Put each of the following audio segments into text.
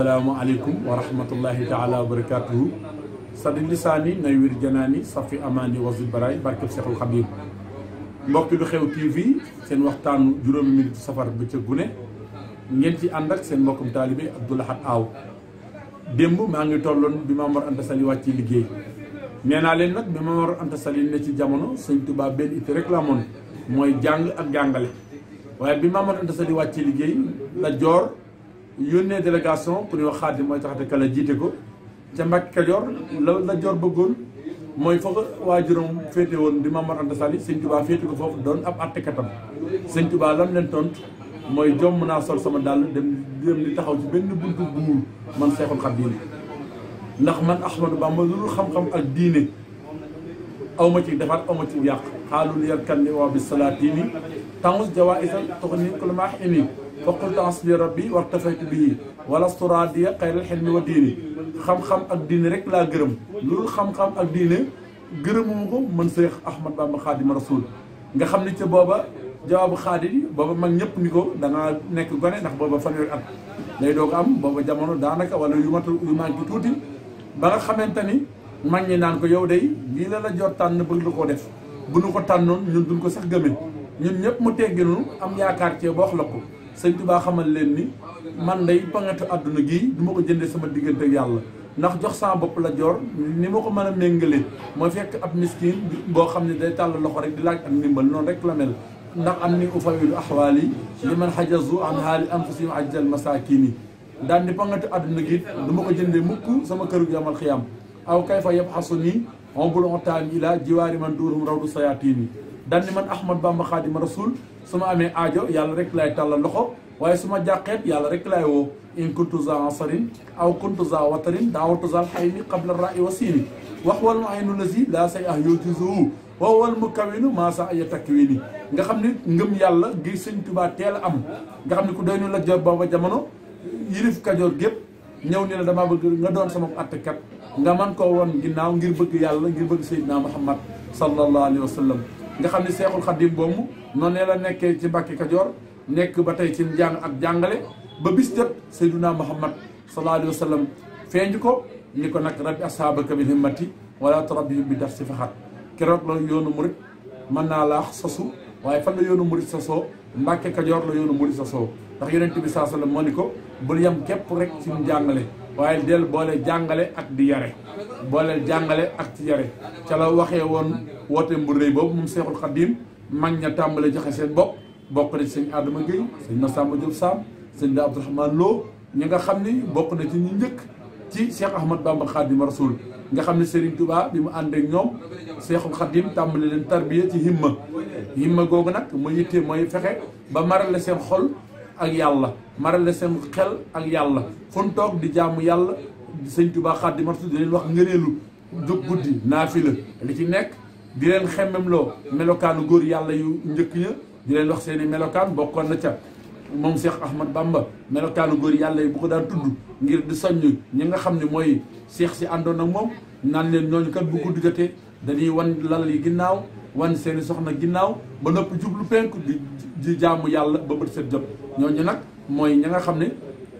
asalaamaaleykum wa rahmatullahi taala wa barakatuhu sadi lisaani nay wir janaani safi amaani wasil baraay barkeb seexul xabib mbokki lu xew tv seen waxtaanu juróomi minute safar bëccëg gu ne ngeen ci ànd ak seen mbokkum taalibe abdoulahat aaw démb maa ngi tolloon bi ma Mor Anta Sali wàcc ci liggéey nee naa leen nag bi Maam Mor Anta Sali ne ci jamono sëñ Tuubaa benn itte mooy jàng ak jàngale waaye bi Maam Mor Anta Sali wàcc ci liggéey la joor yónnee délégation pour ñu wax xaadim mooy taxate kala jiite ko ca Mbàkke Kajoor la la jor bëggoon mooy waa waajuram féete woon di Maamar Anta Sali sëñ Tuubaa féete ko foofu doon ab attekatam sëñ Tuubaa lam leen tontu mooy jomm naa sol sama dàll dem dem di taxaw ci benn buntu buur man Seexul Xadiim ndax man Ahmadou Bamba lu xam-xam ak diine aw ci defar aw ma ci yàq xaalul yàkkan ni waa bi salaatini tàngus jawaa isal tox ni fa qultu hasbi rabbi wartafaytu bihi walastu raadiya xayral xilmi wa diini xam-xam ak diine rek laa gërëm loolu xam-xam ak diine gërëmuma ko man Seex Ahmad Bamba Xaadima Rasuul nga xam ne ca booba jawaabu xaadi booba mag ñëpp ni ko da ngaa nekk gone ndax booba fanweeri at lay doog am booba jamono daanaka wala yu mat yu manqué tuuti ba nga xamante ni mag ñi naan ko yow day lii la la jot tànn bëgg la koo def bu nu ko tànnoon ñun duñ ko sax gëme ñun ñëpp mu tegginu am yaakaar cee la ko sëñ Tuubaa xamal leen ni man day pangatu àdduna gi duma ko jëndee sama diggante ak yàlla ndax jox saa bopp la joor ni ma ko mën a méngalee mooy fekk ab miskin boo xam ne day tàll loxo rek di laaj am ndimbal noonu rek la mel ndax am ni ufawilu axwaal yi li man xajazu an haali ma ajjal masaakin yi daan di pangatu àdduna gi du ma ko jënde mukk sama kër këru yamal am aw kay fa yëpp xasu nii on bul otaan yi la jiwaari man duurum rawdu sayaatiin yi daan ni man Ahmad Bamba Xaadima Rasul su ma amee aajo yàlla rek laay tàllal loxo waaye su ma jàqeet yàlla rek lay woo in kuntu za ansarin aw kuntu za watarin daawatu zal xaymi qabla ra'i wa siini wax wal aynu lazi laa say ah yootisowu wa wal mu kawinu maasa aya takwini nga xam ni ngëm yàlla gi sëñ tubaat teel a am nga xam ne ku doy nu la jor booba jamono yilif kajoor gépp ñëw ni la dama bëgg nga doon sama attekat nga man ko woon ginnaaw ngir bëgg yàlla ngir bëgg Seydina Muhammad sallallahu alayhi wa sallam nga xam ne seexul xaddim boobu noonu la nekkee ci Mbàkke Kajoor nekk ba tey ci jàng ak jàngale ba bis jot Seyduna Muhammad sallallahu alayhi wa sallam feeñ ko ni ko nag rabbi ashaabaka bil himmati wala turabbihim bi daf si faxat keroog la yoonu murit mën naa laax sosu waaye fan la yoonu murit sosoo Mbàkke Kajoor la yoonu murit sosoo ndax yonent bi saa sallam moo ni ko bul yem képp rek ci njàngale waaye del boole jàngale ak di yare booleel jàngale ak ci yare ca la waxee woon wooteem bu rëy boobu moom Seexul Xadiim mag ña tàmbale joxe seen bopp bokk na ci sëñ Adama Gueye sëñ Massamba Diop Sam sëñ da Abdourahmane loo ñi nga xam ni bokk na ci ñu njëkk ci Cheikh Ahmad Bamba Khadim Rasoul nga xam ne Serigne Touba bi mu ànd ak ñoom Cheikhul Khadim tàmbali leen tarbiya ci himma himma googu nag mu yittee mooy fexe ba marale seen xol ak yàlla marale seen xel ak yàlla fun toog di jàmm yàlla sëñ Tuubaa Xaadimu Rasuul di leen wax ngëneelu jóg guddi la li ci nekk di leen xemmemloo melokaanu góor yàlla yu njëkk ya di leen wax seen i melokaan bokkoon na ca moom Cheikh Ahmad Bamba melokaanu góor yàlla yi bu ko daan tudd ngir di soññ ñi nga xam ni mooy Cheikh si àndoon ak moom naan leen ñooñu kat bu guddi jotee dañuy wan lal yi ginnaaw wan seeni soxna ginnaaw ba noppi jublu penku di di jaamu yàlla ba bët set jot ñooñu nag mooy ña nga xam ne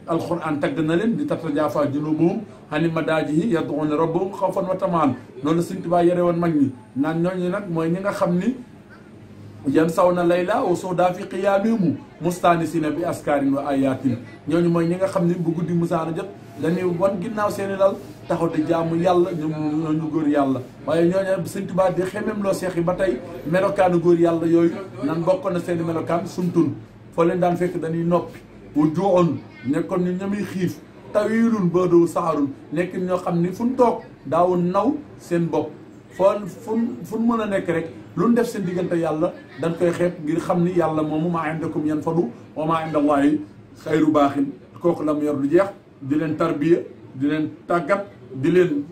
alquran tagg na leen di tatajaafa junubuhum hani madaajihi yad'uuna rabbahum xawfan wa tamaan noonu la Sëñ Tuubaa yare woon mag ñi naan ñooñu nag mooy ñi nga xam ni saw yansawna layla wa sodaafi qiyaamimu mustaanisiina bi askaarin wa ayaatin ñooñu mooy ñi nga xam ne bu guddi musaana jot dañuy wan ginnaaw seeni lal taxaw di jaamu yàlla ñu ñooñu góor yàlla waaye ñoo ñooñu Sëñ Tuubaa di xemem loo seex yi ba tey melokaanu góor yàlla yooyu nan bokk na seeni melokaan sumtun foo leen daan fekk dañuy noppi wu juwoon nekkoon ñu ñamuy xiif tawilun boodoo saarun nekk ñoo xam ni fu ñu toog daawu naw seen bopp foo fun fun mën a nekk rek lu ñu def seen diggante yàlla dañ koy xeeb ngir xam ni yàlla moomu maa indakum yan fadu wa maa inda allaahi xayru baaxin kooku la mu yor lu jeex di leen tarbiya di leen tàggat di leen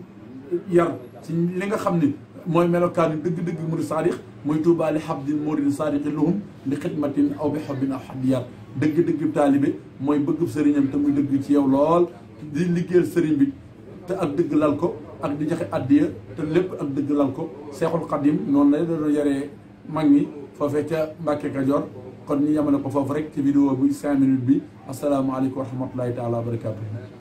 yar ci li nga xam ni mooy melokaani dëgg-dëgg murid saadix muy tuubaali xabdin murid saadixi lahum li xidmatin aw bi xobin aw xadiyar dëgg-dëgg taalibe mooy bëgg sëriñam te muy dëgg ci yow lool di liggéeyal sëriñ bi te ak dëgg lal ko ak di joxe addiya te lépp ak dëgg lal ko seexul xadim noonu lay doon yaree mag ñi foofee ca Mbàkke Kajoor kon ñu yemale ko foofu rek ci vidéo bi cinq minutes bi asalaamaaleykum wa rahmatulahi taala wa barakaatu